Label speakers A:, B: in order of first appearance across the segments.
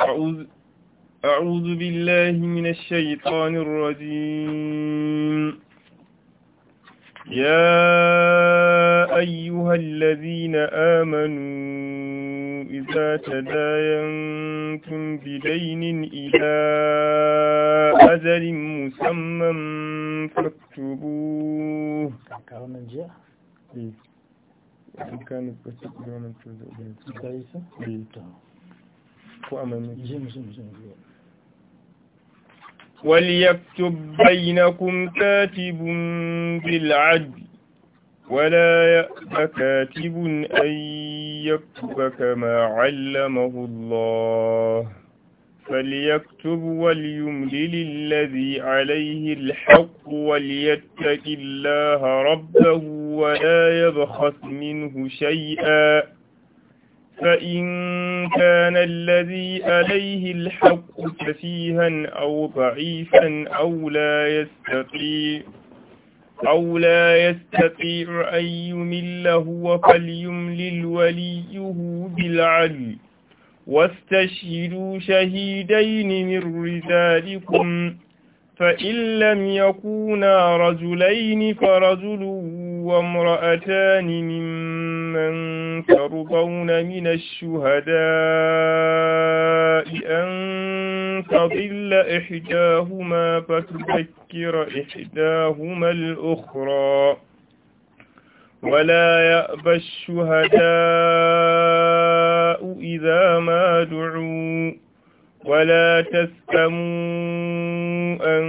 A: أعوذ, أعوذ بالله من الشيطان الرجيم يا أيها الذين آمنوا إذا تداينتم بدين إلى أجل مسمى فاكتبوه كانت بس وليكتب بينكم كاتب بالعدل ولا يأب كاتب أن يكتب كما علمه الله فليكتب وليملل الذي عليه الحق وليتق الله ربه ولا يبخس منه شيئا فإن كان الذي عليه الحق كفيها أو ضعيفا أو لا يستطيع أو لا يستطيع أن يمل هو فليملل وليه بالعدل واستشهدوا شهيدين من رجالكم فإن لم يكونا رجلين فرجل وامرأتان ممن ترضون من الشهداء أن تضل إحداهما فتذكر إحداهما الأخرى ولا يأبى الشهداء إذا ما دعوا ولا تسأموا أن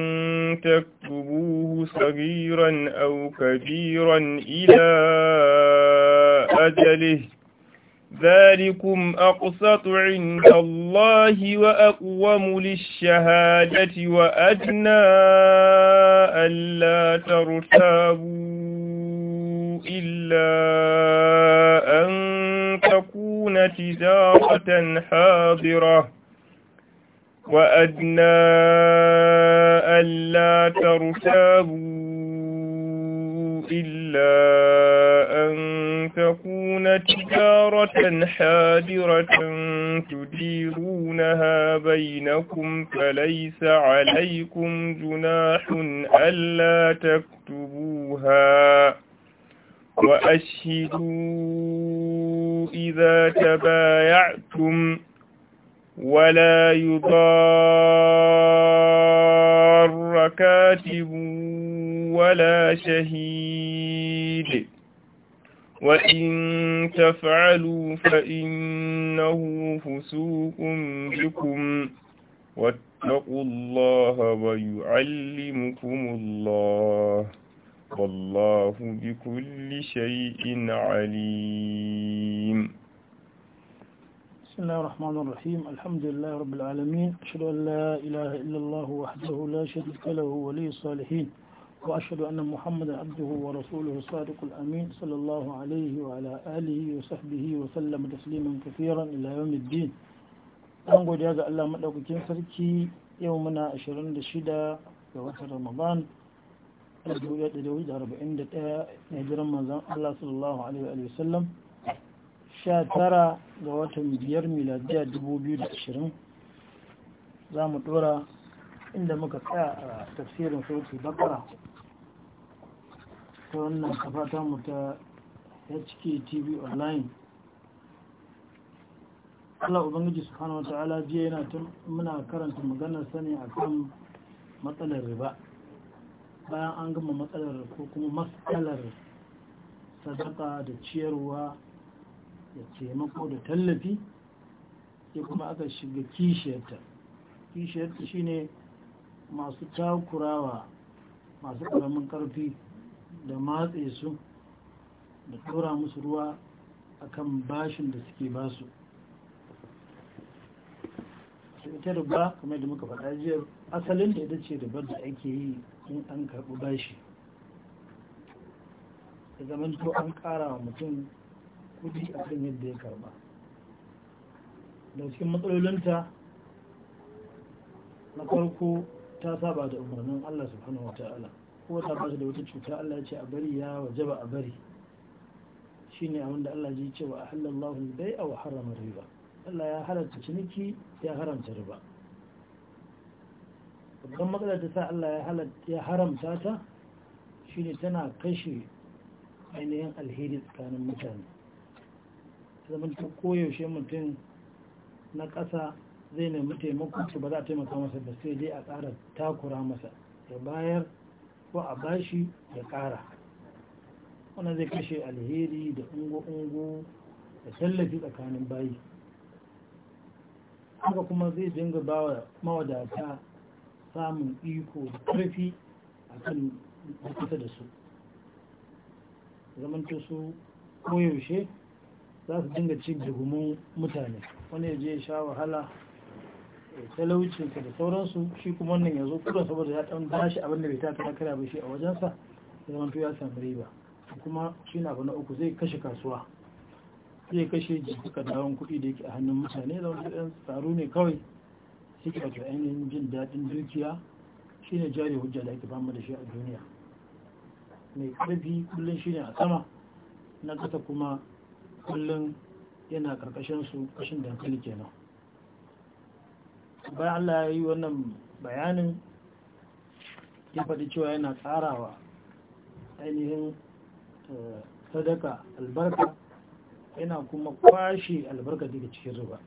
A: تكونوا فاكتبوه صغيرا أو كبيرا إلى أجله ذلكم أقسط عند الله وأقوم للشهادة وأدنى ألا ترتابوا إلا أن تكون تجارة حاضرة وأدنى ألا ترتابوا إلا أن تكون تجارة حاضرة تديرونها بينكم فليس عليكم جناح ألا تكتبوها وأشهدوا إذا تبايعتم ولا يضار كاتب ولا شهيد وإن تفعلوا فإنه فسوق بكم واتقوا الله ويعلمكم الله والله بكل شيء عليم
B: بسم الله الرحمن الرحيم الحمد لله رب العالمين أشهد أن لا إله إلا الله وحده لا شريك له ولي الصالحين وأشهد أن محمدا عبده ورسوله الصادق الأمين صلى الله عليه وعلى آله وصحبه وسلم تسليما كثيرا إلى يوم الدين أنقو جاز الله مدوكين سركي يومنا أشرن دشدا يوم رمضان الجوية دويد أربعين دتا نهجر رمضان الله صلى الله عليه وآله وسلم 19 ga watan biyar miladiya 2020 za mu tura inda muka tsaya a tafsirin sauti bakara ta wannan kafata mu ta hktv online Allah Ubangiji Subhanahu wa ta'ala jiya yana muna karanta maganar sani akan matsalar riba bayan an gama matsalar ko kuma matsalar sadaka da ciyarwa da taimako da tallafi sai kuma aka shiga kishiyarta kishiyarta shi ne masu takurawa masu karamin karfi da matse su da tura musu ruwa akan bashin da suke basu ita ba kamar da muka faɗa jiya asalin da ita ce ribar da ake yi in an karɓi bashi da zamanto an ƙara wa mutum kudi a kan yadda ya karba da cikin matsalolinta na farko ta saba da umarnin Allah subhanahu wa ta'ala ko ta ba da wata cuta Allah ya ce a bari ya waje ba a bari ne abin da Allah ya ce wa halallahu al dai wa harrama riba Allah ya halarta ciniki ya haramta riba babban matsalar ta sa Allah ya haramta ta shi ne tana kashe ainihin alheri tsakanin mutane zaman ta koyaushe mutum na ƙasa zai nemi taimakon su ba za a taimaka masa da sai dai a ƙara takura masa ya bayar ko a bashi ya ƙara wannan zai kashe alheri da ungo-ungo da tallafi tsakanin bayi haka kuma zai dinga ba wa mawadata samun iko da ƙarfi a kan da su zamanto su koyaushe za su dinga cin jigumin mutane wani ya je ya sha wahala talauci da sauransu shi kuma wannan ya zo kudin saboda ya ɗan bashi abin da bai ta takara bai shi a wajensa da zaman ya samu riba kuma shi na na uku zai kashe kasuwa zai kashe jikuka dawon kuɗi da yake a hannun mutane da wani ɗan tsaro ne kawai ke wata ainihin jin daɗin dukiya shi ne jari hujja da ake fama da shi a duniya mai ƙarfi kullum shi ne a sama na kasa kuma kullum yana karkashin su kashin dankali kenan bayan Allah ya yi wannan bayanin ya faɗi cewa yana tsarawa ainihin eh, sadaka albarka yana kuma kwashe albarka daga cikin duk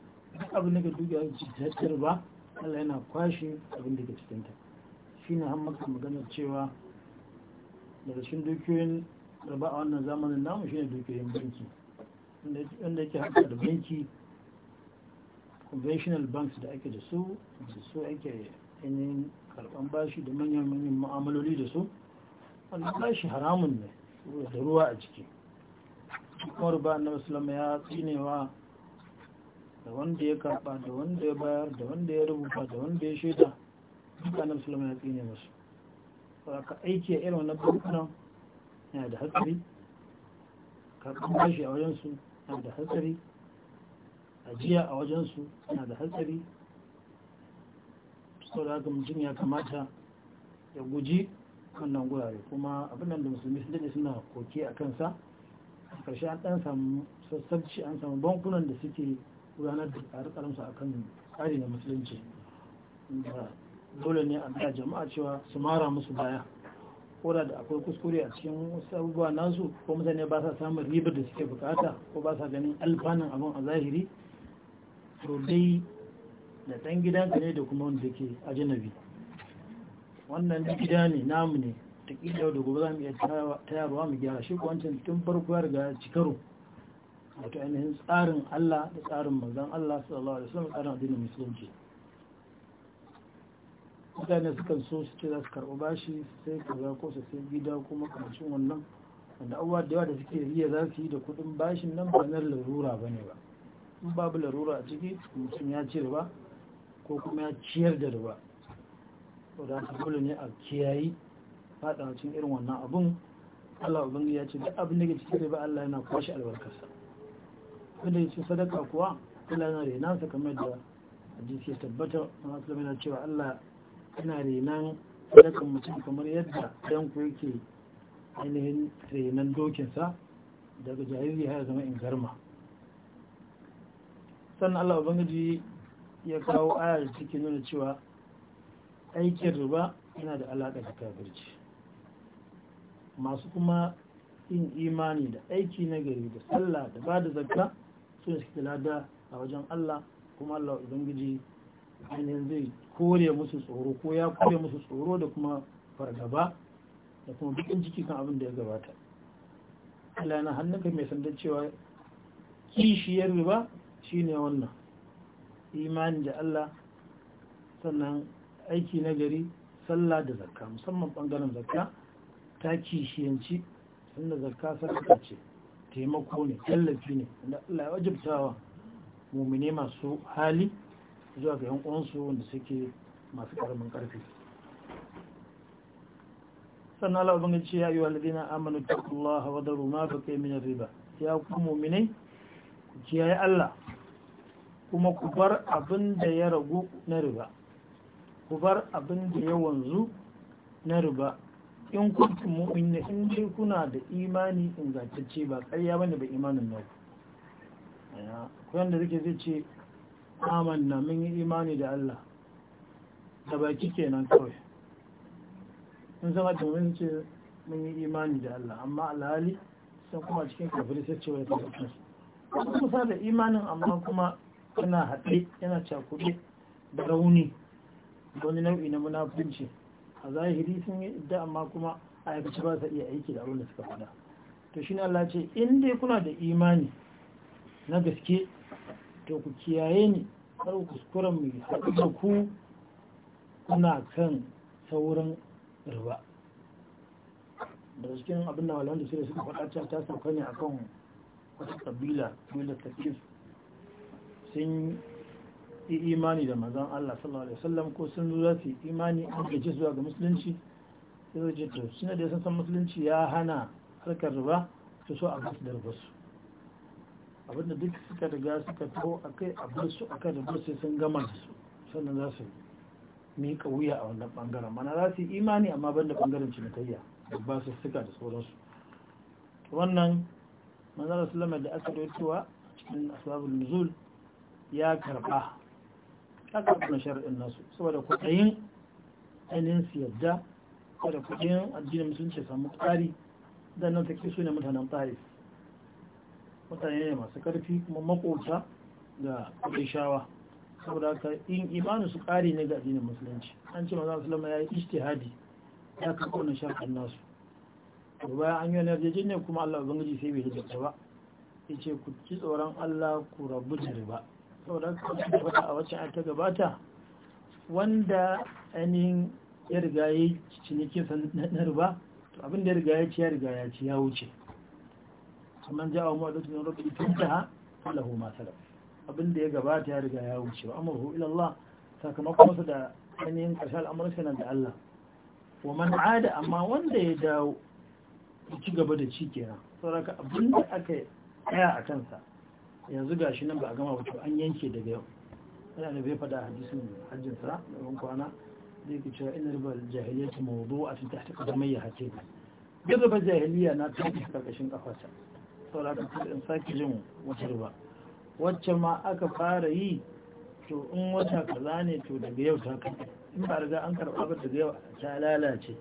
B: abin da dukiya cikin ruba Allah yana kwashe abin daga cikinta shi ne an maka maganar cewa daga cikin dukiyoyin riba a wannan zamanin namu shi ne dukiyoyin banki wanda yake haka da banki conventional banks da ake da su da su ake yanayin karban bashi da manyan manyan ma'amaloli da su wanda bashi haramun ne da ruwa a ciki kuma ruba na musulama ya tsinewa da wanda ya karba da wanda ya bayar da wanda ya rubuta da wanda ya shaida duka na musulama ya tsine musu ka aiki a irin wannan bankunan yana da hatsari karban bashi a wajen su. na da hatsari ajiya a wajensu na da hatsari da haka mutum ya kamata ya guji wannan gurare kuma abin da musulmi sun suna koke a kansa a ƙarshe an ɗan samu sassabci an samu bankunan da suke gudanar da tsare-tsarensu a kan tsari na musulunci dole ne a jama'a cewa su mara musu baya koda da akwai kuskure a cikin wasu abubuwa nasu ko mutane ba sa samun ribar da suke bukata ko ba sa ganin alfanun abin a zahiri to dai da ɗan gidanka ne da kuma wanda ke ajinabi wannan gida ne namu ne ta yau da gobe za mu iya tayarwa mu gyara shi wancan tun farko ya riga karo wato ainihin tsarin Allah da tsarin manzon Allah sallallahu alaihi wasallam tsarin addinin musulunci mutane sukan so su ce za su karɓi bashi sai kaza ko su sai gida ko makamacin wannan wanda abubuwa da yawa da suke riya za su yi da kuɗin bashin nan ba na larura ba ne ba in babu larura a ciki mutum ya ci riba ko kuma ya ciyar da riba to da haka dole ne a kiyayi faɗa cikin irin wannan abun Allah ubangi ya ce duk abin da ke cikin riba Allah yana kwashe albarkarsa wanda ya ce sadaka kuwa Allah yana renansa kamar da hadisi ya tabbata Muhammad sallallahu alaihi yana cewa Allah ana renan sadakan mutum kamar yadda ɗanku ku yake ainihin renan dokinsa daga jariri har zama in garma sannan Allah Ubangiji ya kawo ayar cikin nuna cewa aikin riba yana da alaƙa da kafirci masu kuma yin imani da aiki na gari da sallah da ba da zakka sun shi lada a wajen Allah kuma Allah Ubangiji ainihin zai kore musu tsoro ko ya kore musu tsoro da kuma fargaba da kuma bikin ciki kan abin da ya gabata Allah na hannunka mai sandar cewa kishiyar riba ne wannan imani da Allah sannan aiki na gari sallah da zakka musamman bangaren zakka ta kishiyanci sannan zakka sadaka ce taimako ne tallafi ne da Allah ya wajibtawa mumine masu hali zuwa ga yankunansu wanda suke masu ƙaramin ƙarfi sannan Allah ubangiji ce ya yi walidina amanu taqullaha wa daru ma baqiya mini riba ya kuma mini ku kiyaye Allah kuma ku bar abin da ya ragu na riba ku bar abin da ya wanzu na riba in kuntum mu'minina in dai kuna da imani in ingantacce ba ƙarya bane ba imanin naku ko yanda zake zai ce amanna mun yi imani da Allah da baki kenan kawai mun zama domin ce mun yi imani da Allah amma alhali sun kuma cikin kafiri sai cewa ya tafi wasu kusa da imanin amma kuma yana haɗe yana cakuɗe da rauni da wani nau'i na munafunci a zahiri sun yi idda amma kuma a aikace ba sa iya aiki da abin da suka faɗa to shi ne Allah ce in dai kuna da imani na gaske to ku kiyaye ni kar ku kuskura mu haɗu da ku kuna kan saurin riba da cikin abin da walanda shirya suka faɗa cewa ta sauka ne akan wata kabila kabila takif sun yi imani da mazan Allah sallallahu alaihi wasallam ko sun zuwa za su yi imani an gaji zuwa ga musulunci sai zai to suna da ya san musulunci ya hana harkar riba su so a gasu da riba su abinda duk suka riga suka taho a kai a bar a kai da sai sun gama su sannan za su miƙa wuya a wannan ɓangaren mana za su yi imani amma ban da ɓangaren cinikayya da ba su suka da sauransu wannan manzara sulama da aka cewa cikin asabar nuzul ya karɓa ya karɓa na shari'in nasu saboda kuɗayin ainihin su yadda saboda kuɗayin addinin musulunci samu tsari da nan take su ne mutanen ta'if mutane ne masu karfi kuma makota ga shawa saboda haka in imanin su kare ne ga addinin musulunci an ce maza musulama ya yi ijtihadi ya kafa wannan shafin nasu da bayan an yi wani yarjejin kuma Allah ubangiji sai bai hijabta ba ya ce ku ci tsoron Allah ku rabu da saboda haka kuma a wacce an ta gabata wanda ainihin ya riga ya yi cinikin na riba abin da ya riga ya ci ya riga ya ci ya wuce man ja'a mu'adatun min rabbi tuntaha falahu ma salaf abinda da ya gabata ya riga ya wuce wa amruhu ila Allah sakamakon sa da ainihin ƙarshe al'amuran nan da Allah wa man ada amma wanda ya dawo ya ci gaba da ci kenan saboda abinda aka tsaya a kansa yanzu gashi nan ba a gama wato an yanke daga yau yana da bai fada hadisin hajjin sa da ban kwana zai ka cewa inar ba jahiliya ta mawudu a cikin tahta ya hace ba gaba jahiliya na tafi karkashin kafarsa saurata kar in sake jin wutar ba wacce ma aka fara yi to in wata kaza ne to daga yau ta kai in ba riga an karɓa ba daga yau ta lalace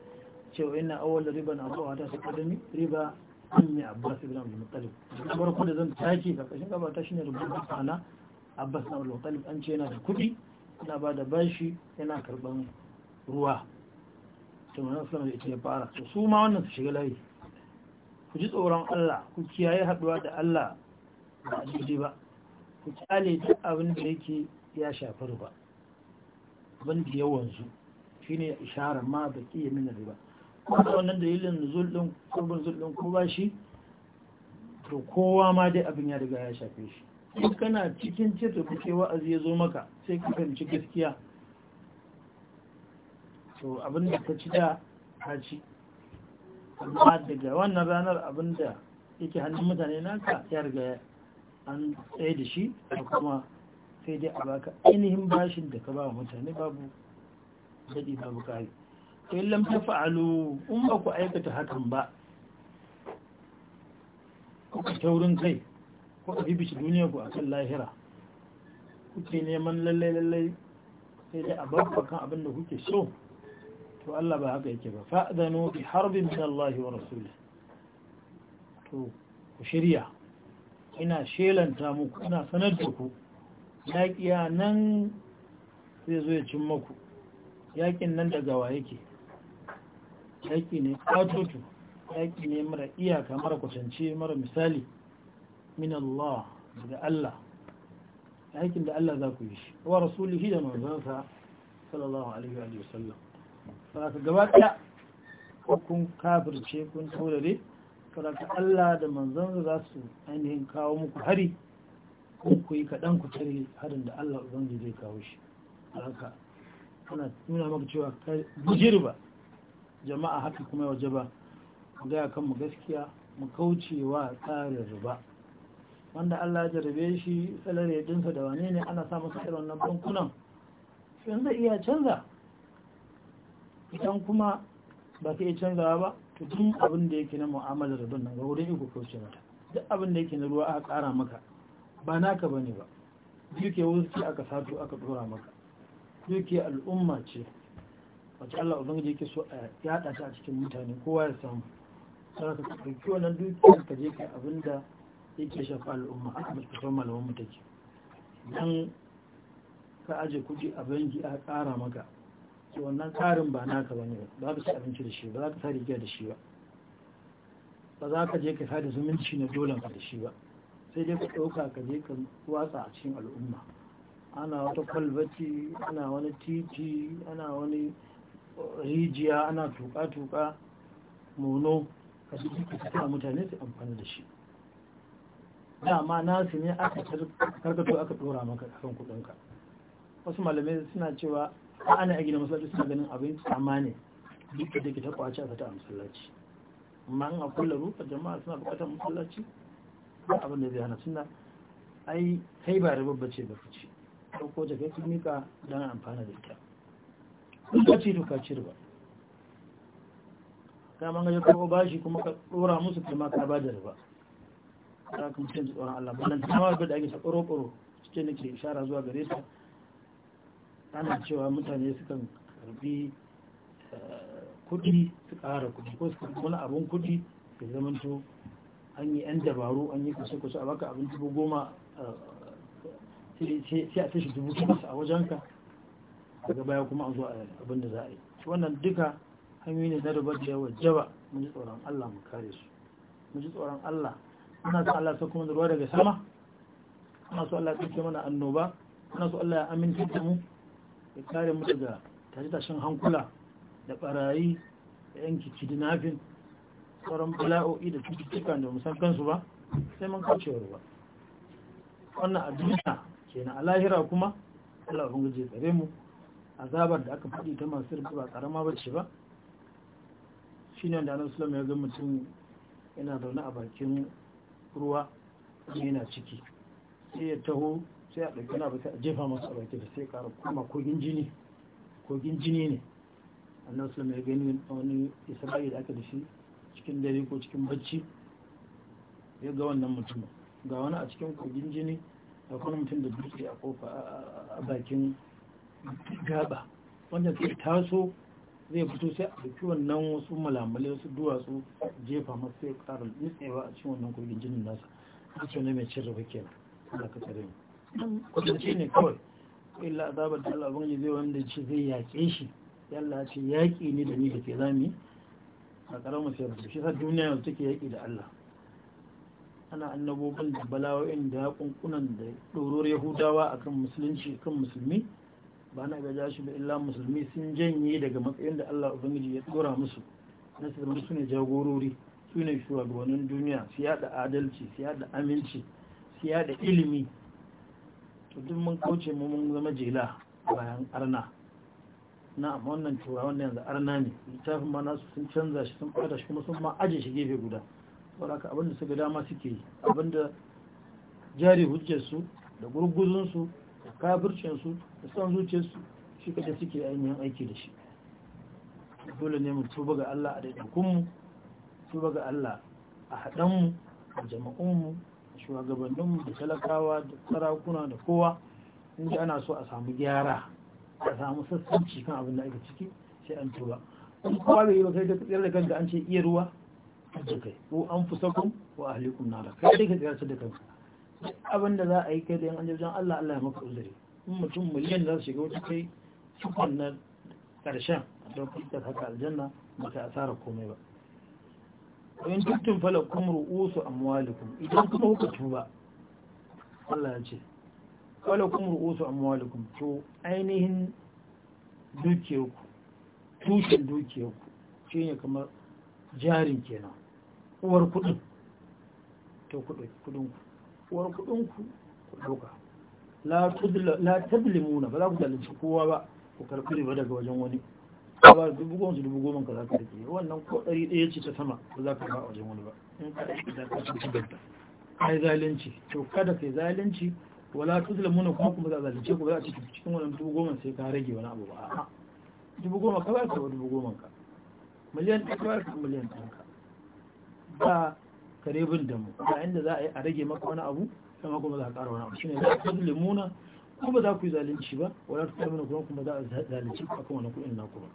B: cewa ina awal riba na zuwa ta suka da riba an ne abbas ibn abdul muttalib kamar kuma zan ka kashin gaba ta shine rubutu kana abbas ibn abdul muttalib an ce yana da kuɗi yana ba da bashi yana karɓan ruwa to manzon sallallahu da wasallam ya fara to su ma wannan su shiga layi ku ji tsoron Allah ku kiyaye haɗuwa da Allah ba a ba ku kyale duk abin da yake ya shafi ruba abin da su shi ne isharar ma da ƙiye min riba kuma da wannan dalilin zulɗin kurbin zulɗin ko ba shi to kowa ma dai abin ya riga ya shafe shi in kana cikin ceto kuke wa'azi ya zo maka sai ka fahimci gaskiya to abin da ka ci da ka ci amma daga wannan ranar abinda yake hannun mutane naka ya riga an tsaye da shi da kuma sai dai a baka ainihin bashin da ka ba mutane babu daɗi babu kari to yi lamta fa'alu in ba ku aikata hakan ba kuka taurin kai kuka bibici duniya ku kan lahira kuke neman lallai lallai sai dai a babu abin da kuke so to Allah ba haka yake ba fa'danu bi harbin min Allah wa rasulih to ku shirya ina shelanta muku ina sanar da ku yaƙiya nan zai zo ya cin maku yaƙin nan daga wa yake yaƙi ne ƙatoto yaƙi ne mara iyaka mara kwatance mara misali min Allah daga Allah yaƙin da Allah za ku yi shi wa rasulihi da manzansa sallallahu alaihi wa sallam ka gaba ɗaya kun kafirce kun taurare ka Allah da manzon za su ainihin kawo muku hari kun ku yi kaɗan ku tare harin da Allah zan ubangiji zai kawo shi haka ana nuna maka cewa kai ba jama'a haka kuma waje ba gaya kan mu gaskiya mu kauce wa tsarin riba wanda Allah ya jarabe shi salare dinsa da wane ne ana sa masa irin wannan bankunan yanzu iya canza idan kuma ba ka iya canzawa ba to tun abin da yake na mu'amalar don nan ga wurin iko ko mata duk abin da yake na ruwa aka kara maka ba naka ba ne ba duke wuski aka sato aka tsora maka duke al'umma ce wacce Allah ubangiji yake so a yada ta a cikin mutane kowa ya samu sai ka ɗauki wannan dukiyar ka je ka abin da yake shafa al'umma aka mutum malaman mu take dan ka aje kuɗi a banki aka ƙara maka to wannan tsarin ba naka bane ba za ka ci abinci da shi ba za ka sa giya da shi ba ba za ka je ka sada zumunci na dolan ka da shi ba sai dai ka ɗauka ka je ka watsa a cikin al'umma ana wata kwalbati ana wani titi ana wani eh, rijiya ana tuka-tuka mono ka su suka mutane su amfani da shi dama nasu ne aka karkato aka ɗora maka kan kudinka wasu malamai suna cewa ba ana a gina masallaci suna ganin abin tsama ne duk da ke ta kwace a fata a masallaci amma an akwai larufa jama'a suna bukatar masallaci ba abin da zai hana suna ai kai ba rababba ce ba fice ko da kai mika don amfana da ita duk da ce duka ci riba kaman ga ba shi kuma ka dora musu kuma ka ba da riba ta kuma cin tsoron Allah ba nan ta ma da ake sa ƙoro-ƙoro cikin nake ke ishara zuwa gare ta ana cewa mutane sukan karbi eh, kudi su kara kudi ko su wani abin kudi da to an yi 'yan dabaru an yi kusa-kusa a baka abin dubu goma eh, sai a tashi dubu kusa a wajenka daga baya kuma an zo abin da za a yi wannan duka hanyoyi ne na rubar da yawa jaba mun ji tsoron Allah mu kare su mun ji tsoron Allah ana so Allah kuma da ruwa daga sama ana so Allah ya tsinke mana annoba ana so Allah ya aminta da mu ya kare mutu daga tashe-tashen hankula da barayi da yanki kidnapping sauran bala'o'i da cututtuka da musan kansu ba sai mun kaucewa ruwa wannan adina ke na alahira kuma Allah ubangiji tsare mu azabar da aka faɗi ta masu rufu ba karama ba ce ba shi ne da anan sulam ya ga mutum yana zaune a bakin ruwa yana ciki sai ya taho sai a ɗauki na ba sai a jefa masu a baki da sai ƙara kuma kogin jini kogin jini ne annan su mai gani wani da aka da shi cikin dare ko cikin bacci ya ga wannan mutum ga wani a cikin kogin jini da kuma mutum da dutse a kofa a bakin gaba wanda sai taso zai fito sai a ɗauki wannan wasu malamalai wasu duwatsu jefa masu sai ƙara nutsewa a cikin wannan kogin jinin nasa a cikin mai cin raba kenan Allah ka tsare mu kwatance ne kawai illa azabar da Allah bangi zai wanda ce zai yaƙe shi yalla ce yaƙi ne da ni da ke zami a ƙaramin sai rasu shi sa duniya yanzu take yaƙi da Allah ana annabobin da bala'o'in da kunkunan da ɗorar yahudawa akan musulunci kan musulmi ba na gaja shi ba illa musulmi sun janye daga matsayin da Allah ubangiji ya tsora musu na sirri su ne jagorori su ne shugabannin duniya su yada adalci su yada aminci su yada ilimi duk mun kauce mu mun zama jela bayan arna na wannan tura wannan yanzu arna ne littafin ma nasu sun canza shi sun fada shi kuma sun ma aje shi gefe guda saboda ka abinda suka dama suke yi abinda jari hujjarsu da gurguzunsu da kafircinsu da son zuciyarsu shi kaje suke ainihin aiki da shi dole ne mu tuba ga Allah a daidaikunmu tuba ga Allah a haɗanmu a jama'unmu shugabanninmu da talakawa da sarakuna da kowa inda ana so a samu gyara a samu sassanci kan abin da ake ciki sai an tura kuma kowa bai yi ba kai da tsayar da kanka an ce iya ruwa a jikai kai ko an fi sakon ko a halikun nara kai dai ka tsayar da kanka abin da za a yi kai da yan an jirgin allah allah ya maka uzuri in mutum miliyan za su shiga wata kai cikon na ƙarshen a ɗaukar haka aljanna ba ta asara komai ba wayan tuttun falakun ru'usu amwalikum idan kuma kuka tuba Allah ya ce falakun ru'usu amwalikum to ainihin dukiyarku tushen dukiyarku shi ne kamar jarin kenan uwar kudin to kudinku uwar kudinku ku dauka la tadlimuna ba za ku zalunci kowa ba ku karɓi riba daga wajen wani ka ba dubu goma su dubu goma ka za ka rike wannan ko ɗari ɗaya ce ta sama ba za ka ba a wajen wani ba in ka ɗari da ka ci ganta ai zalunci to kada kai zalunci wala tuzlamuna kuma kuma za a zalunce ko za a ci cikin wannan dubu goma sai ka rage wani abu ba a dubu goma ka ba ka dubu goma ka miliyan ɗaya ba ka miliyan ɗaya ka ba kare bin da mu a inda za a yi a rage maka wani abu sama kuma za a ƙara wani abu shine za ku limuna ko ba za ku yi zalunci ba wala ta tsamina kuma kuma za a zalunci a kan wani kuɗin naku ba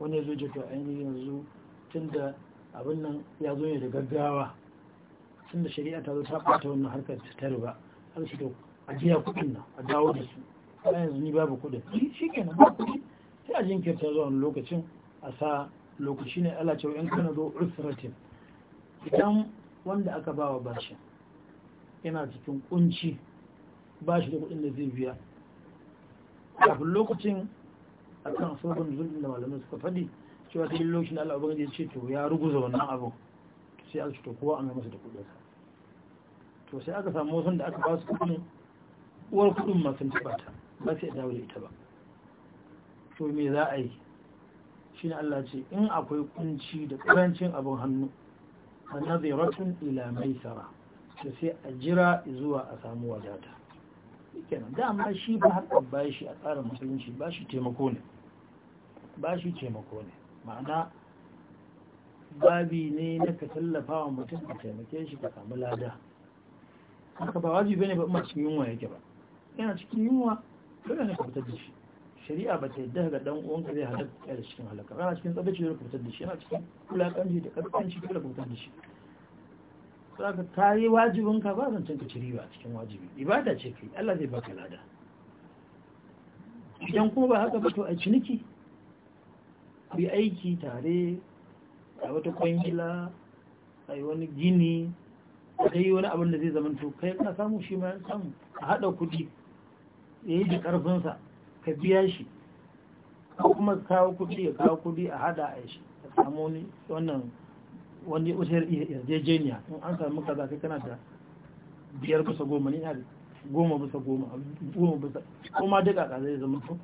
B: wani ya zo jika ainihin yanzu tun da abin nan ya zo ne da gaggawa tun da shari'a ta zo ta ɓata wannan harkar ta riba har shi da ajiya kuɗin nan a dawo da su kuma yanzu ni babu kuɗin shi kenan ba kuɗi sai a jinkirta zuwa wani lokacin a sa lokaci ne ala cewa yan kana zo usratin idan wanda aka bawa bashi yana cikin kunci bashi da kuɗin da zai biya kafin lokacin akan sabon zulmin da malamai suka faɗi cewa ta lokacin da Allah da ya ce to ya ruguza wannan abu sai aka to kowa an masa da kudin sa to sai aka samu wasan da aka ba su kudin uwar kudin ma sun ci ba sai dawo da ita ba to me za a yi Shi ne Allah ce in akwai kunci da karancin abin hannu a naziratun ila maisara sai a jira zuwa a samu wadata kenan dama shi ba haƙƙin bashi a tsarin musulunci bashi taimako ne bashi taimako ne ma'ana babi ne na ka tallafa wa mutum ka taimake shi ka samu lada haka ba wajibi bane ba masu cikin yunwa yake ba yana cikin yunwa dole ne ka fitar da shi shari'a ba ta yadda ga dan ka zai halaka da cikin halaka yana cikin tsabacin da fitar da shi yana cikin kulakanci da karfanci dole ka fitar da shi zaka kayi yi wajibinka ba zancen ka ciri ba cikin wajibi ibada ce kai Allah zai baka lada idan kuma ba haka ba to a ciniki a yi aiki tare a wata kwangila a yi wani gini a yi wani abin da zai zamanto kai kana samu shi ma samu a haɗa kudi ya yi da ƙarfinsa ka biya shi ko kuma kawo kudi ya kawo kudi a hada a shi a samu wannan wani wata yarjejeniya in an samu kaza kai kana da biyar bisa goma ne ina goma bisa goma goma bisa kuma duka ka zai zama to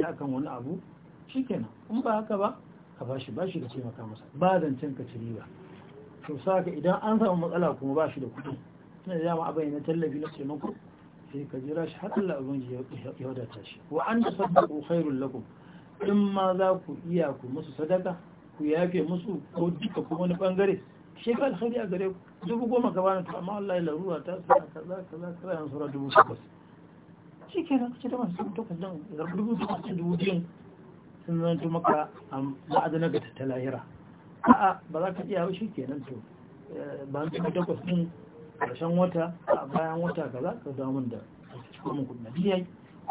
B: ta akan wani abu kenan in ba haka ba ka ba shi, ba shi ka taimaka masa ba zancen ka ci ba to saka idan an samu matsala kuma ba shi da kuɗi tun da dama abin na tallafi na taimako sai ka jira shi har Allah abin ya wadata shi wa an ko khairul lakum in ma za ku iya ku musu sadaka ku yafe musu ko duka ko wani bangare shi ka alkhairi a gare ku dubu goma ka bani to amma Allah ya larura ta sa kaza kaza kaza yan sura dubu takwas shi ke nan kace da masu dubu takwas dan dubu takwas da dubu biyan sun zanto maka ma'adana ga ta lahira a'a ba za ka iya ba shi ke nan to eh, ba dubu takwas din karshen wata a bayan wata za ka damun da cikin kudin biyayi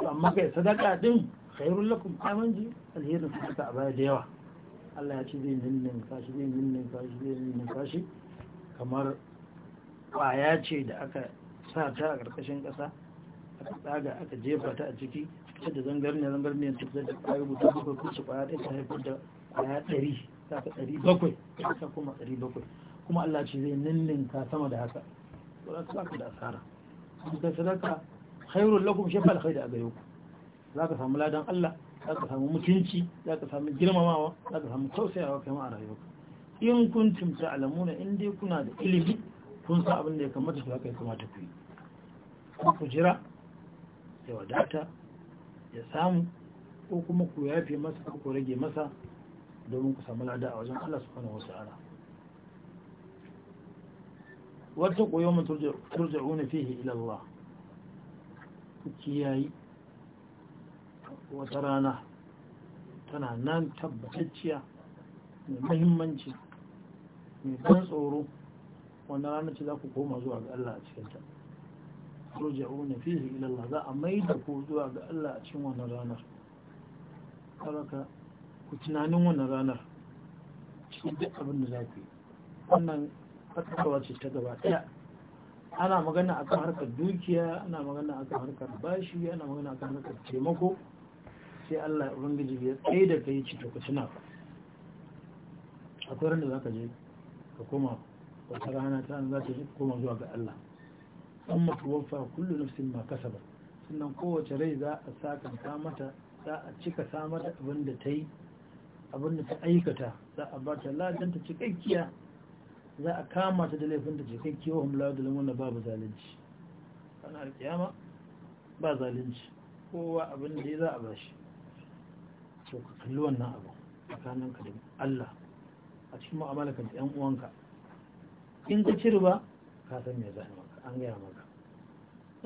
B: amma kai sadaka din khairul lakum amanji alherin sadaka a baya da yawa Allah ya ci zai ninninka shi zai ninninka shi zai ninninka shi kamar kwaya ce da aka sa ta a ƙarƙashin ƙasa aka tsaga aka jefa ta a ciki ta da zangar ne zangar ne ta zai da kwaya guda bakwai kusa kwaya ɗaya ta haifar da kwaya ɗari ta ka ɗari bakwai ta kuma ɗari bakwai kuma Allah ce zai ka sama da haka ko za ka da asara in ka sadaka khairul lakum shafa alkhair a gare ku za ka samu ladan Allah za ka samu mutunci za ka samu girmamawa za ka samu tausayawa kai ma a rayuwa in kun cimta alamuna in dai kuna da ilimi kun sa abin da ya kamata su haka ya kamata ku yi ko ku jira ya wadata ya samu ko kuma ku yafe masa ko ku rage masa domin ku samu lada a wajen Allah subhanahu wa ta'ala wata koyo mun turja'una fihi ila Allah ku kiyaye wata rana tana nan tabbatacciya mai mahimmanci mai ban tsoro wani rana ce za ku koma zuwa ga Allah a cikinta ruja'u na fihi Allah za a mai da ku zuwa ga Allah a cikin wannan ranar karaka ku tunanin wannan ranar cikin duk abin da za ku yi wannan fatarwa ce ta gaba ɗaya ana magana akan harkar dukiya ana magana akan harkar bashi ana magana akan harkar taimako sai Allah ubangiji ya tsaye da kai ci to ku tuna akwai ran da ka je ka koma wata rana ta za ta koma zuwa ga Allah amma tuwaffa kullu nafsin ma ba. sannan kowace rai za a saka mata za a cika samar da abin da ta yi abin da ta aikata za a ba ta ladanta cikakkiya za a kama ta da laifin da cikakkiya wa hamla da lamuna babu zalunci ana alkiyama ba zalunci kowa abin da ya za a bashi so ka kalli wannan abu tsakaninka da Allah a cikin mu'amalarka da ƴan uwanka in ka ci riba ka san me za a maka an gaya maka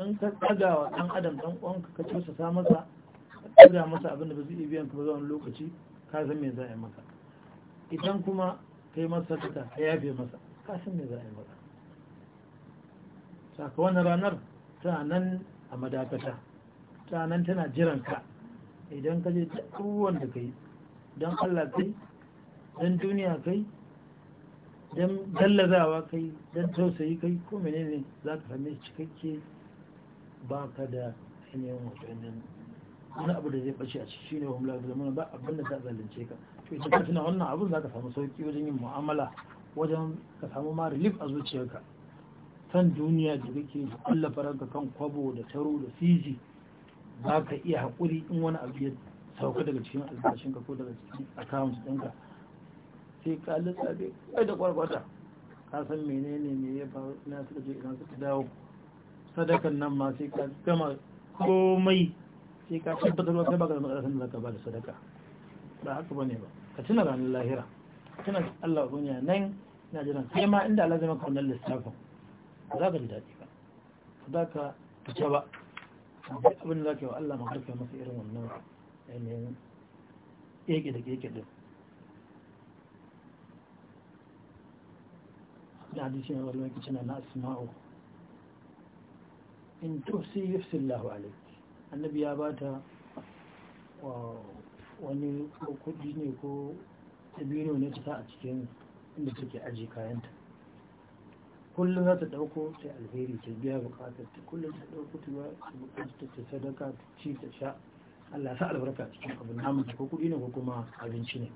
B: in ka tsaga wa ɗan adam ɗan uwanka ka sa masa ka tsaga masa abin da ba zai iya biyan ka ba zuwa lokaci ka san me za a maka idan kuma kai masa ta ka yafe masa ka san me za a maka saka wannan ranar ta nan a madakata ta nan tana jiran ka idan ka je abubuwan da kai don Allah kai don duniya kai don dallazawa kai don tausayi kai ko menene za ka same cikakke ba ka da ainihin wajen wani abu da zai ɓace a ciki shine wahumla da zamana ba abin da ta zalunce ka to ita ka tuna wannan abin za ka samu sauki wajen yin mu'amala wajen ka samu ma relief a zuciyarka kan duniya da kake da Allah faranka kan kwabo da taro da siji ba ka iya haƙuri in wani abu ya sauka daga cikin albashinka ko daga cikin account ɗinka sai ka lissafe kai da kwarkwata ka san menene ne ya faru na suka je idan suka dawo sadakan nan ma sai ka gama komai sai ka tabbatar kai baka da matsalasan da ka ba da sadaka ba haka ba ne ba ka tuna ranar lahira tuna Allah duniya nan na jiran sai ma inda Allah zama maka lissafin ba za ka ji daɗi ba ba za ka fice ba abin da za ka yi wa Allah ba karfe masa irin wannan ainihin ƙeƙe da ƙeƙe ɗin na hadisi na wani lokacin na asma'u in to tusi yufsillahu alaiki annabi ya ba ta wani kuɗi ne ko tabino ne ta a cikin inda take aji kayanta kullum za ta ɗauko ta alheri ta biya bukatar ta kullum ta ɗauko ta ba ta bukatar ta sadaka ta ci ta sha Allah sa albarka cikin abin namun ko kuɗi ne ko kuma abinci ne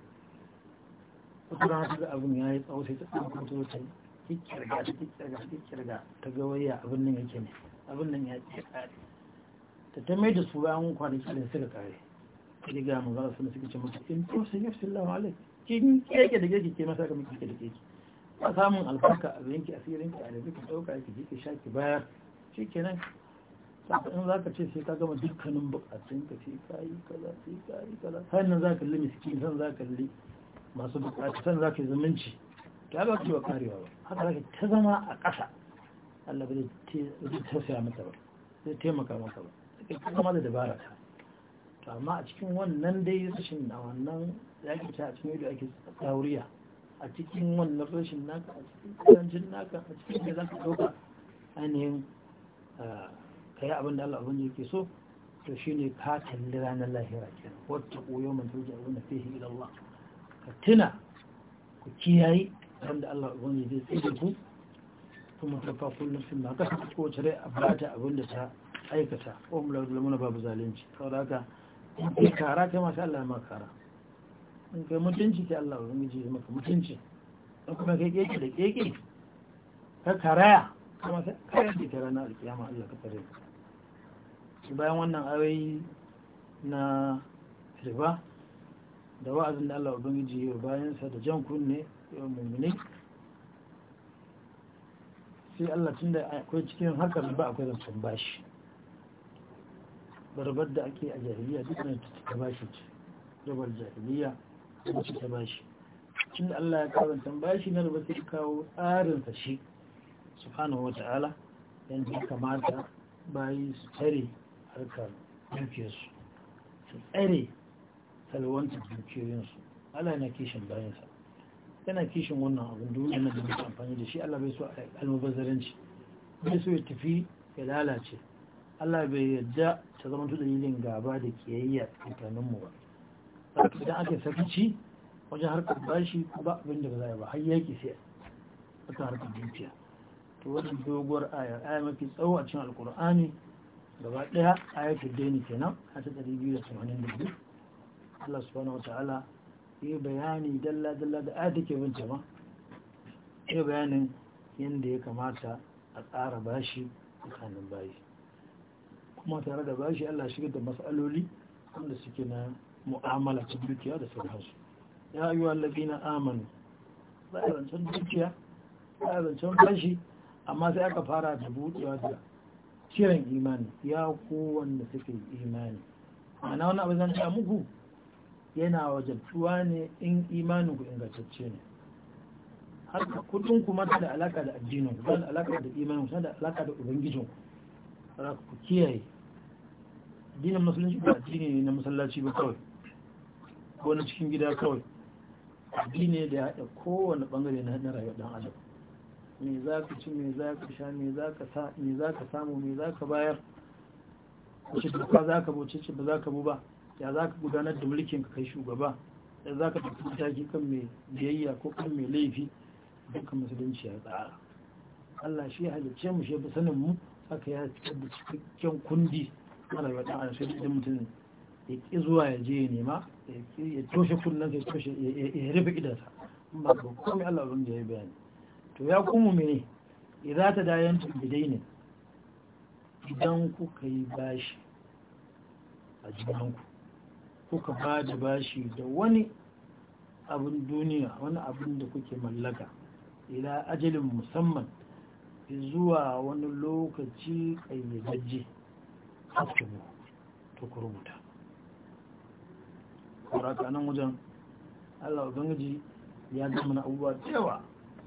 B: wata rana ta ga abin ya yi tsawo sai ta ɗauko ta wata kikkirga ta kikkirga ta kikkirga ta ga waya abin nan yake ne abin nan ya ce kare ta ta mai da su bayan kwanaki da suka kare ta ga mu za su suka ce masa in to sai ya fi sallamu alaikum kin keke da keke ke masa ga muke da keke ba samun albarka a yanki asirin a yanzu ki ɗauka ki je ki baya ki shi kenan in zaka ce sai ka gama dukkanin bukatun ka sai ka yi kaza sai ka yi kaza sannan za ka miskin san masu bukatu san zaka yi zumunci ta ba ki wa karewa ba haka zaka ta zama a ƙasa Allah bai zai tausaya mata ba zai taimaka maka ba sai ka zama da dabara ta to amma a cikin wannan dai rashin a wannan ya ta a cikin yadda ake tsauriya a cikin wannan rashin naka a cikin karancin naka a cikin da za ka ɗauka ainihin ah, ka yi abin da Allah abin yake so to shi ne ka kalli ranar lahira kenan wata koyo man turji abin da fi ila Allah ka tuna ku kiyaye abin da Allah abin zai tsaye ku kuma ta fa kullum sun na ka ko tare a bata abin da ta aikata ko mu lamu babu zalunci saboda haka in ka kara kai ma Allah ma kara in kai mutunci ta Allah wa miji ya maka mutunci in kuma kai keke da keke ka karaya kuma kaya ce ta rana alkiyama Allah ka tare shi bayan wannan awai na riba da wa'azin da Allah ubangiji ya sa da jan kunne yawan mummune sai Allah tun da akwai cikin harkar riba akwai zancen bashi barbar da ake a jahiliya duk ne ta bashi ce dabar jahiliya mace ta bashi Allah ya karanta bashi na rubuta ya kawo tsarinsa shi su subhanahu wata'ala yanzu ya kamata bayi su tsare harkar dukiyarsu su tsare talwantar dukiyoyinsu Allah yana kishin bayansa yana kishin wannan abin duniya na da amfani da shi Allah bai so a almubazzaranci bai so ya tafi ya lalace Allah bai yadda ta zama dalilin gaba da kiyayya tsakaninmu ba idan aka sakaci wajen harkar bashi ba abin da ba za a ba har yaki sai aka harkar dukiya to wannan doguwar ayar aya mafi tsawo a cikin alkur'ani gaba daya ta dani kenan a ta biyu da biyu Allah subhanahu wataala yi bayani dalla dalla da aya take bin jama yi bayanin yadda ya kamata a tsara bashi a kanin bayi kuma tare da bashi Allah shigar da matsaloli wanda suke na mu'amala ta dukiya da sauransu ya yi wallafi na Amani ba a zancen dukiya ba a zancen fashi amma sai aka fara da buɗewa da shirin imani ya kowanne suke imani ana wani abin zanta muku yana wajabtuwa ne in imaninku ku ingantacce ne haka kudin kuma ta da alaka da addinin ku da alaka da imaninku ku da alaka da ubangijin ku ku kiyaye addinin musulunci ba addini ne na masallaci ba kawai ko na cikin gida kawai addini da ya haɗa kowane ɓangare na haɗin rayuwar ɗan adam me za ka ci me za ka sha me za ka samu me za ka bayar wace doka za ka buce ce ba za ka bu ba ya za ka gudanar da mulkin ka kai shugaba ya za ka tafi mataki kan mai biyayya ko kan mai laifi dukkan musulunci ya tsara Allah shi halicce mu shi sanin mu haka ya fitar da cikakken kundi na rayuwar ɗan adam sai da mutum ya ƙi zuwa ya je ya nema ya toshe kullum ya toshe ya rufe idansa ba ka Allah da ya bayani to ya kuma mene idan ta yanci bidai ne idan kuka yi bashi a ku kuka ba da bashi da wani abin duniya wani abin da kuke mallaka ila ajalin musamman zuwa wani lokaci ƙayyadajje haka to ku rubuta sauraka nan wajen allah ubangiji ya zama na abubuwa cewa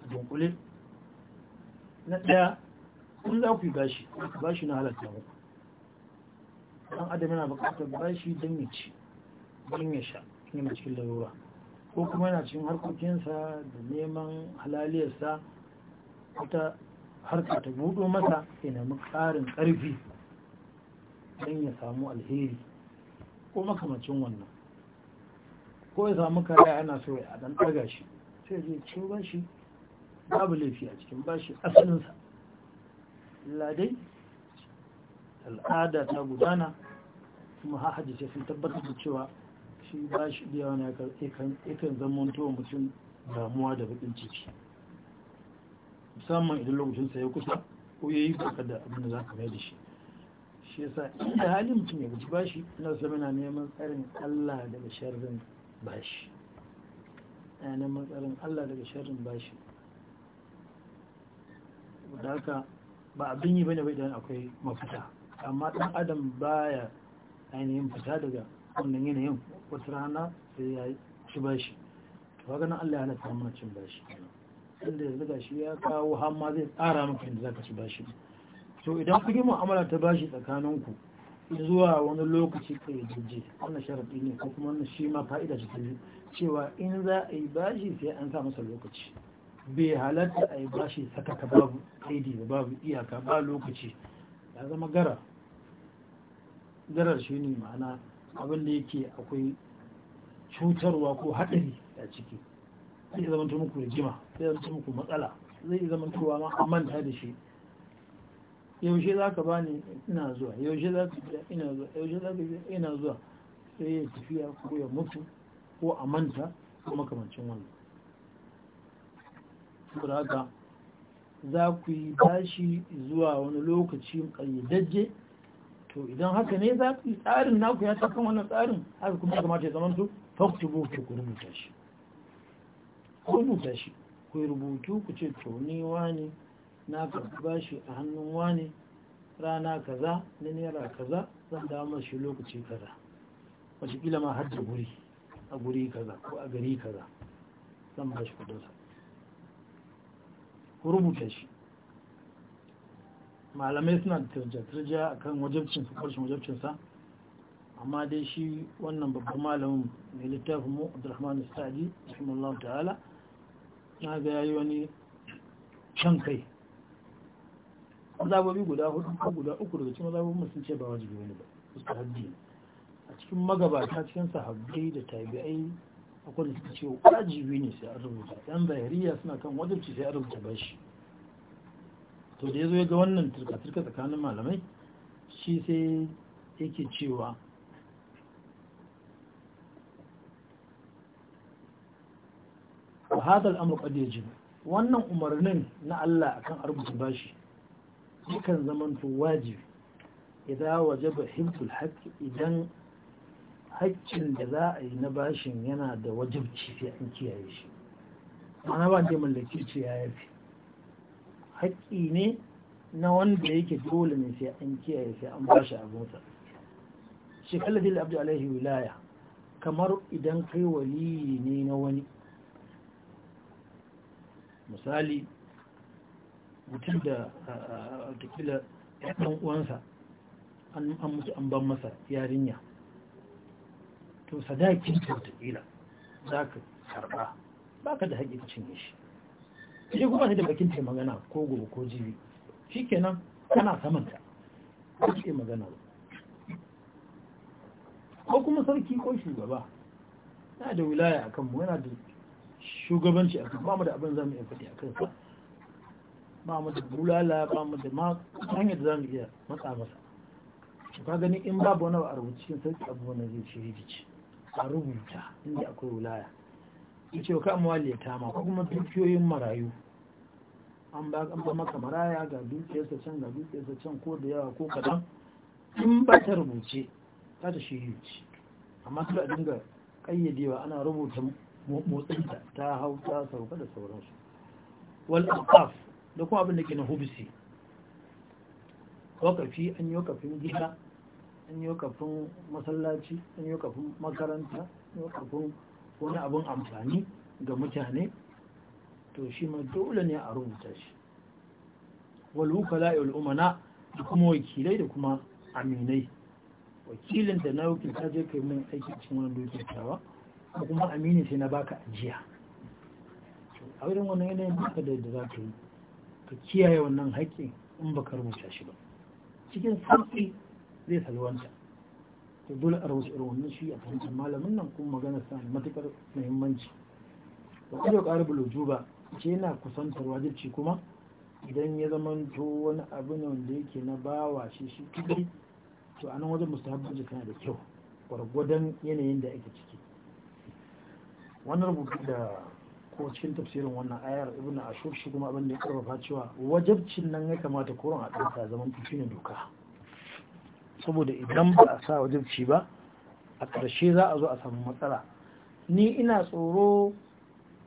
B: a dunkule na ɗaya kun za ku yi gashi bashi na halatta ku ɗan adam yana buƙatar bashi don ya ci don ya sha yana cikin larura ko kuma yana cikin harkokinsa da neman halaliyarsa wata harka ta buɗo masa ya nemi ƙarin ƙarfi don ya samu alheri ko makamacin wannan ko ya samu kare ana so ya dan daga shi sai zai ce bashi babu laifi a cikin bashi asalinsa ladai al'ada ta gudana kuma haji sai sun tabbatar da cewa shi bashi da yawan zaman zamantowa mutum damuwa da bakin ciki musamman idan lokacin sa ya kusa ko ya yi kuka da abin da za ka mai da shi shi yasa inda halin mutum ya guji bashi na zama na neman tsarin allah daga sharrin bashi ɗayanan matsarin Allah daga sharrin bashi da haka ba abin yi bane idan akwai mafita amma dan adam baya ainihin fita daga wannan yanayin wata rana sai ya ci bashi to haka Allah ya halatta mana cin bashi inda yanzu ga shi ya kawo hama zai tsara maka inda za ka ci bashi to idan kun mu'amala ta bashi tsakaninku zuwa wani lokaci ka yi jirje wannan sharaɗi ne ko kuma shi ma fa'ida shi ta cewa in za a yi bashi sai an sa masa lokaci bai halatta a yi bashi sakaka babu kaidi da babu iyaka ba lokaci ya zama gara garar shi ne ma'ana abin da yake akwai cutarwa ko haɗari a ciki zai zama muku rigima zai zama muku matsala zai zama cewa ma manta da shi yaushe za ka bani ina zuwa yaushe za ka biya ina zuwa yaushe za ka biya ina zuwa sai ya tafiya ko ya mutu ko a manta ko makamancin wannan saboda haka za ku yi tashi zuwa wani lokaci ƙayyadajje to idan haka ne za ku yi tsarin naku ya takan wannan tsarin haka kuma kamata ta zama to faktubu ku rubuta shi ku rubuta shi ku rubutu ku ce to ni wani na karba shi a hannun wani rana kaza na naira kaza zan dawo shi lokaci kaza kila ma hajji guri a guri kaza ko a gari kaza zan bashi kudinsa ku rubuta shi malamai suna da turja-turja a kan wajabcinsa ƙarshen wajabcinsa amma dai shi wannan babban malamin mai littafin mu abdurrahmanu sa'adi rahimahullahu ta'ala na ga yayi wani can kai mazabobi guda hudu ko guda uku daga cikin mazabobin sun ce ba wajibi wani ba mustahabbi a cikin magabata cikin sahabbai da tabi'ai akwai da suka ce wajibi ne sai an rubuta yan zahiriya suna kan wajibci sai an rubuta bashi to da ya zo ya ga wannan turka-turka tsakanin malamai shi sai yake cewa wa hadal amur qad wannan umarnin na Allah akan arbuta bashi yakan zamanto wajibi idan wajaba himtul haqqi idan haƙƙin da za a yi na bashin yana da wajibci sai an kiyaye shi mana ba da mallaki ce ya yafi haƙƙi ne na wanda yake dole ne sai an kiyaye sai an bashi abinsa shi kalladil abdu alaihi wilaya kamar idan kai waliyi ne na wani misali mutum da ya ɗan uwansa an mutu an ban masa yarinya to sadakin wataƙila za ka karɓa ba ka da haƙin cinye shi shi kuma ne da bakin ce magana ko gobe ko jibi shi kenan kana samanta ko ce magana ba. ko kuma sarki ko shugaba na da wilaya a kanmu yana da shugabanci a kan ba mu da abin za mu iya faɗi a kansa ba mu da bulala ba mu da ma da za mu iya matsa masa ka gani in babu wani a rubuce cikin sauki abu wani zai ce rikici a rubuta inda akwai wulaya ya ce ka amma wale ta ma kuma dukiyoyin marayu an ba an ba maka maraya ga dukiyarsa can ga dukiyarsa can ko da yawa ko kadan in ba ta rubuce za ta shiri Amma amma a dinga kayyadewa ana rubuta motsinta ta hau ta sauka da sauransu wal aqaf da kuma abin da ke na hubisi wakafi an yi wakafin gida an yi wakafin masallaci an yi wakafin makaranta an yi wakafin wani abin amfani ga mutane to shi ma dole ne a rubuta shi walwukala ya umana da kuma wakilai da kuma aminai wakilin da na ta je kai mun aiki cikin wani tawa, kuma amini sai na baka ajiya a wurin wannan yanayin baka da za ka yi ka kiyaye wannan haƙƙin in baka rubuta shi ba cikin sauƙi zai salwanta to dole a rubuta irin wannan shi a fahimtar malamin nan kuma magana sa matuƙar muhimmanci ba ku da ƙarar ba. ce yana kusantar wajibci kuma idan ya to wani abu ne wanda yake na bawa shi shi kadai to a nan wajen mustahabban jika da kyau gwargwadon yanayin da ake ciki wannan rubutu da ko cikin tafsirin wannan ayar ibn ashur shi kuma abin da ya karfafa cewa wajabcin nan ya kamata koron a ɗauka zaman tushi ne doka saboda idan ba a sa wajabci ba a ƙarshe za a zo a samu matsala ni ina tsoro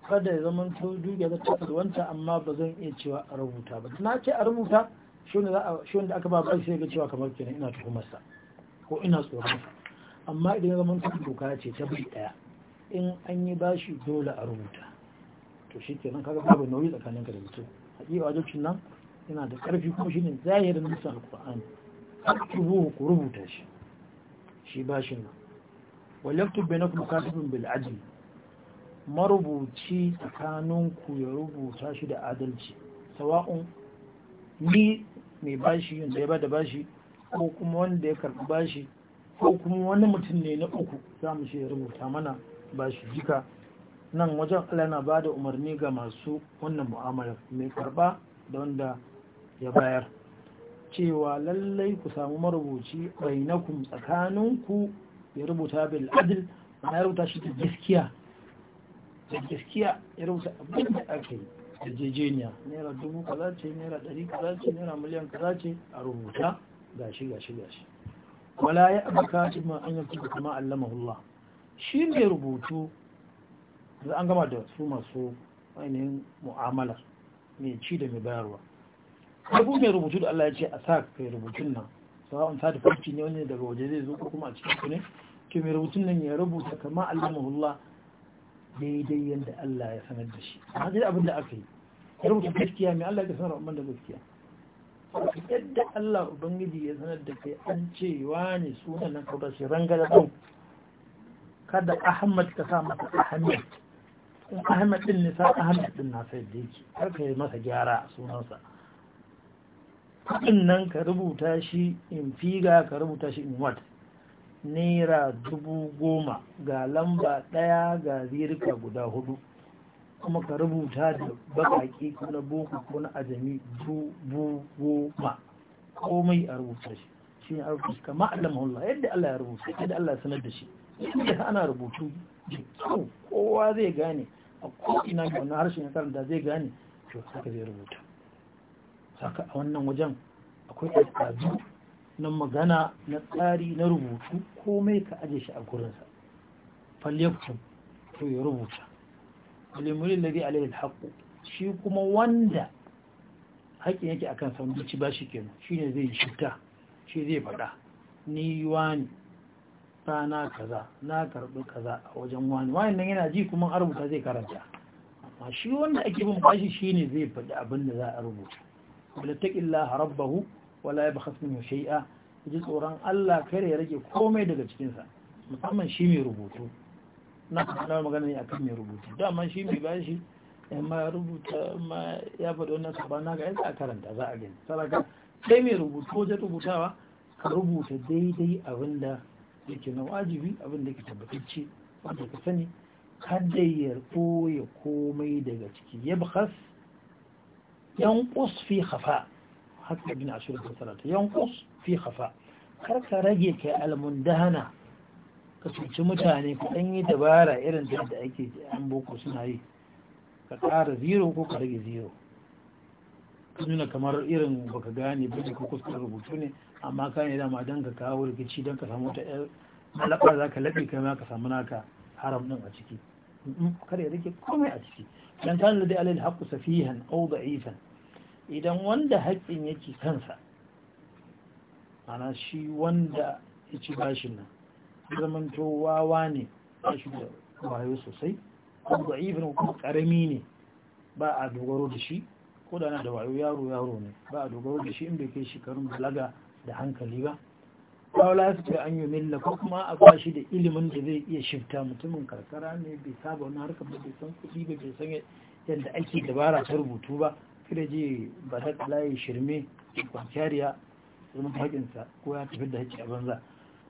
B: kada ya zaman to duka za ta amma ba zan iya cewa a rubuta ba na ce a rubuta shi wanda aka ba ba sai ga cewa kamar kenan ina tuhumarsa ko ina tsoron amma idan ya zaman to doka ce ta bai daya in an yi bashi dole a rubuta to shi ke nan kaga babu nauyi tsakanin ka da mutum haƙiƙa wajibcin nan yana da ƙarfi kuma shi ne zahirin nufin alƙur'ani aktubuhu ku rubuta shi shi bashin nan na kuma katibun bil adl marubuci tsakaninku ya rubuta shi da adalci sawa'un ni mai bashi da ya bada bashi ko kuma wanda ya karɓi bashi ko kuma wani mutum ne na uku za mu shi ya rubuta mana bashi jika nan wajen Allah na ba da umarni ga masu wannan mu'amala mai karba da wanda ya bayar cewa lallai ku samu marubuci bainakum tsakaninku ya rubuta bil adil ana ya rubuta shi da gaskiya da gaskiya ya rubuta abin da aka yi da jejeniya naira dubu kaza ce naira ɗari kaza ce naira miliyan kaza ce a rubuta gashi gashi gashi wala ya abaka shi ma an yanku kuma allama Allah shi ne rubutu yanzu an gama da su masu ainihin mu'amala mai ci da mai bayarwa abu mai rubutu da Allah ya ce a sa kai rubutun nan sawa'un ta da farki ne wani daga waje zai zo ko kuma a cikin ku ne ke mai rubutun nan ya rubuta kama Allah daidai yadda Allah ya sanar da shi a hajji abin da aka yi ya rubuta gaskiya mai Allah ya sanar umman da gaskiya yadda Allah ubangiji ya sanar da kai an ce ne sunan nan ka shi rangada don kada Ahmad ka sa masa Ahmad ahmad din nisa ahmad din nasa yadda yake har ka yi masa gyara a sunansa kuɗin nan ka rubuta shi in figa ka rubuta shi in wat naira dubu goma ga lamba ɗaya ga zirka guda hudu kuma ka rubuta da bakaki ko na boko ko na ajami dubu goma komai a rubuta shi shi ne a rubuta shi kama Allah yadda Allah ya rubuta yadda Allah ya sanar da shi yadda ana rubutu da kyau kowa zai gane a ko'ina da wannan harshen ya karanta zai gane to saka zai rubuta saka a wannan wajen akwai al'adu na magana na tsari na rubutu komai ka aje shi a gurinsa falyaktum to ya rubuta alimuri da zai alayyar haƙo shi kuma wanda haƙin yake akan sambuci ba shi kenan shi ne zai cuta shi zai faɗa ni wani rana kaza na karɓi kaza a wajen wani wani nan yana ji kuma an rubuta zai karanta amma shi wanda ake bin bashi shine zai faɗi abin da za a rubuta wala illa harabbahu wala yabkhas minhu shay'a ji tsoron Allah kare ya rage komai daga cikinsa sa musamman shi mai rubutu na kana magana ne akan mai rubutu dama shi mai bashi ma rubuta ma ya faɗi wannan sabana ga yadda a karanta za a gani saraka sai mai rubutu wajen rubutawa ka rubuta daidai abinda da da ke na wajibi abin da ke tabbatacce wanda ka sani kada ya ya komai daga ciki ya bukas kus fi hafa haka bin ashir da sarata kus fi hafa kar ka rage kai almundahana ka cuci mutane ka ɗanyi dabara irin da ake an boko suna yi ka ƙara zero ko ka rage zero nuna kamar irin baka gane ba ko kuskure rubutu ne amma ka ne dama don ka kawo rikici don ka samu ta yar malaka za ka laɓe kai ma ka samu naka haram din a ciki kada ya rike komai a ciki dan kan da alal haqqu safihan aw da'ifan idan wanda haƙƙin yake kansa ana shi wanda ya ci bashin nan to wawa ne ba shi da wayo sosai aw da'ifan ko karami ne ba a dogaro da shi ko da na da wayo yaro yaro ne ba a dogaro da shi in bai kai shekarun balaga da hankali ba ya ce an yi milla ko kuma a ba shi da ilimin da zai iya shifta mutumin karkara ne bai saba wani harkar ba bai san kuɗi ba bai san yadda ake dabara ta rubutu ba kada je ba ta kalaye shirme kwanciyariya zama haƙinsa ko ya tafi da haƙi a banza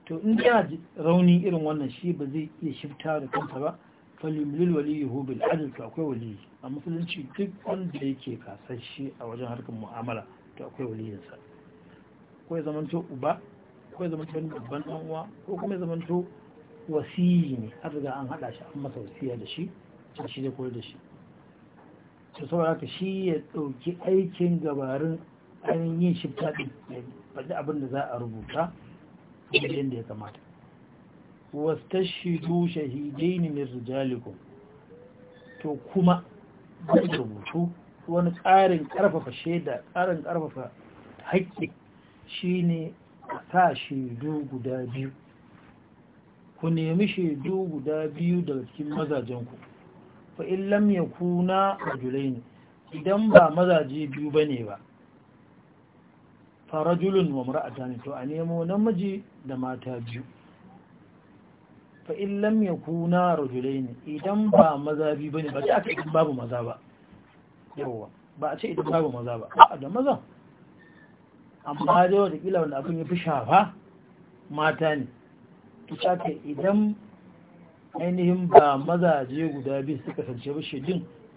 B: to in yana rauni irin wannan shi ba zai iya shifta da kansa ba falimlil waliyuhu bil adil to akwai waliyi a musulunci duk wanda yake kasashe a wajen harkar mu'amala to akwai waliyinsa ko ya zamanto uba ko ya zamanto wani babban dan uwa ko kuma ya zamanto wasiyi ne har ga an hada shi an masa wasiya da shi can shi zai koyar da shi to saboda haka shi ya dauki aikin gabarin an yin shifta din faɗi abin da za a rubuta yadda ya kamata wastashidu shahidaini min rijalikum to kuma zai rubutu wani tsarin karfafa shaida tsarin karfafa haƙƙi shine sa shaidu guda biyu ku nemi shaidu guda biyu daga cikin mazajenku fa in lam yakuna rajulaini idan ba mazaje biyu bane ba fa rajulun wa mar'atan to a nemo namiji da mata biyu fa in lam yakuna rajulain idan ba maza bi bane ba ce aka idan babu maza ba yawa ba a ce idan babu maza ba a da maza amma yawa da kila wanda abin ya fi shafa mata ne to aka idan ainihin ba mazaje guda biyu suka kasance ba shi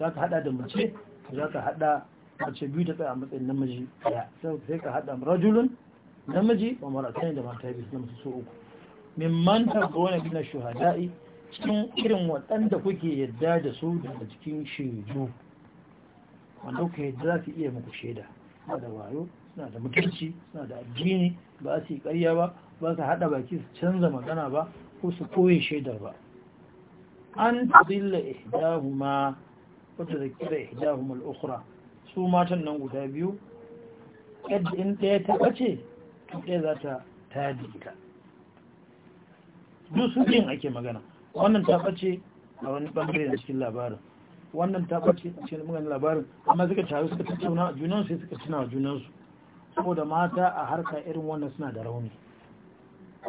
B: za ka hada da mace za hada mace biyu ta tsaya a matsayin namiji daya sai ka hada rajulun namiji wa marasani da mata biyu su so uku mimman gona bin shuhada'i cikin irin waɗanda kuke yadda da su daga cikin shaidu wanda kuka yadda za su iya muku shaida suna da wayo suna da mutunci suna da addini ba su yi ƙarya ba ba su haɗa baki su canza magana ba ko su koyi shaidar ba an tabilla ihdahuma wata da kira ihdahuma al-ukhra su matan nan guda biyu yadda in ɗaya ta bace ɗaya za ta tadi duk su ake magana wannan ta bace a wani bangare da cikin labarin wannan ta bace a cikin maganin labarin amma suka taru suka tattauna a junansu sai suka tuna a junansu saboda mata a harka irin wannan suna da rauni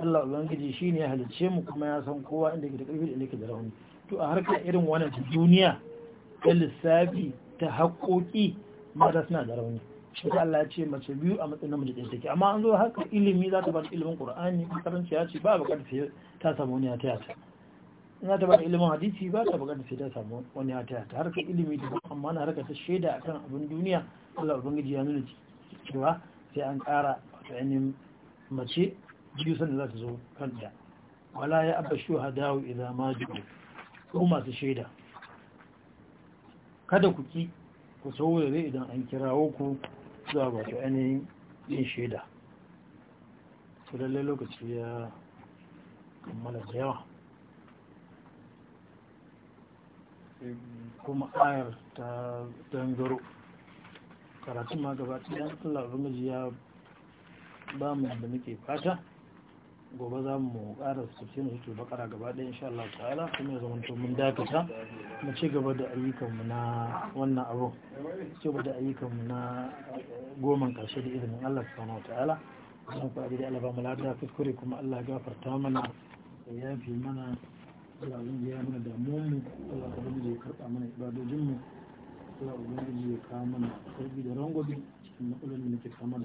B: Allah Ubangiji shi ne ya halicce mu kuma ya san kowa inda ke da ƙarfi da inda ke da rauni to a harka irin wannan duniya ta lissafi ta haƙoƙi mata suna da rauni shi Allah ya ce mace biyu a matsayin namiji ɗaya take amma an zo haka ilimi za ta bada ilimin Qur'ani karanci ya ce ba bukatar sai ta samu wani ya taya ta ina ta bada ilimin hadisi ba ta bukatar sai ta samu wani ya ta ta ka ilimi da amma na harkar ta shaida akan abin duniya Allah ubangiji ya nuna cewa sai an ƙara wata ainihin mace biyu sanda za ta zo kanta wala ya abba shuhadawu idza ma ji'u ko masu shaida kada ku ki ku sauya idan an kirawo ku zuwa wato ainihin yin shaida su lallai lokaci ya kammala da yawa kuma ayar ta dangaro karatun ma gaba yan allah ubangiji ya ba mu da muke fata gobe za mu ƙara tafsirin yake bakara gaba ɗaya insha Allah ta'ala kuma ya zamanto mun dakata mu ci gaba da ayyukanmu na wannan abu ci gaba da ayyukanmu na goman ƙarshe da izinin Allah subhanahu wa ta'ala kuma ku abin da Allah ba mu lada kuskure kuma Allah ya gafarta mana ya yafi mana da ubangiji ya mana damuwan mu Allah ubangiji ya karɓa mana ibadojin mu Allah ubangiji ya kawo mana sauki da rangobi cikin matsalolin da muke fama da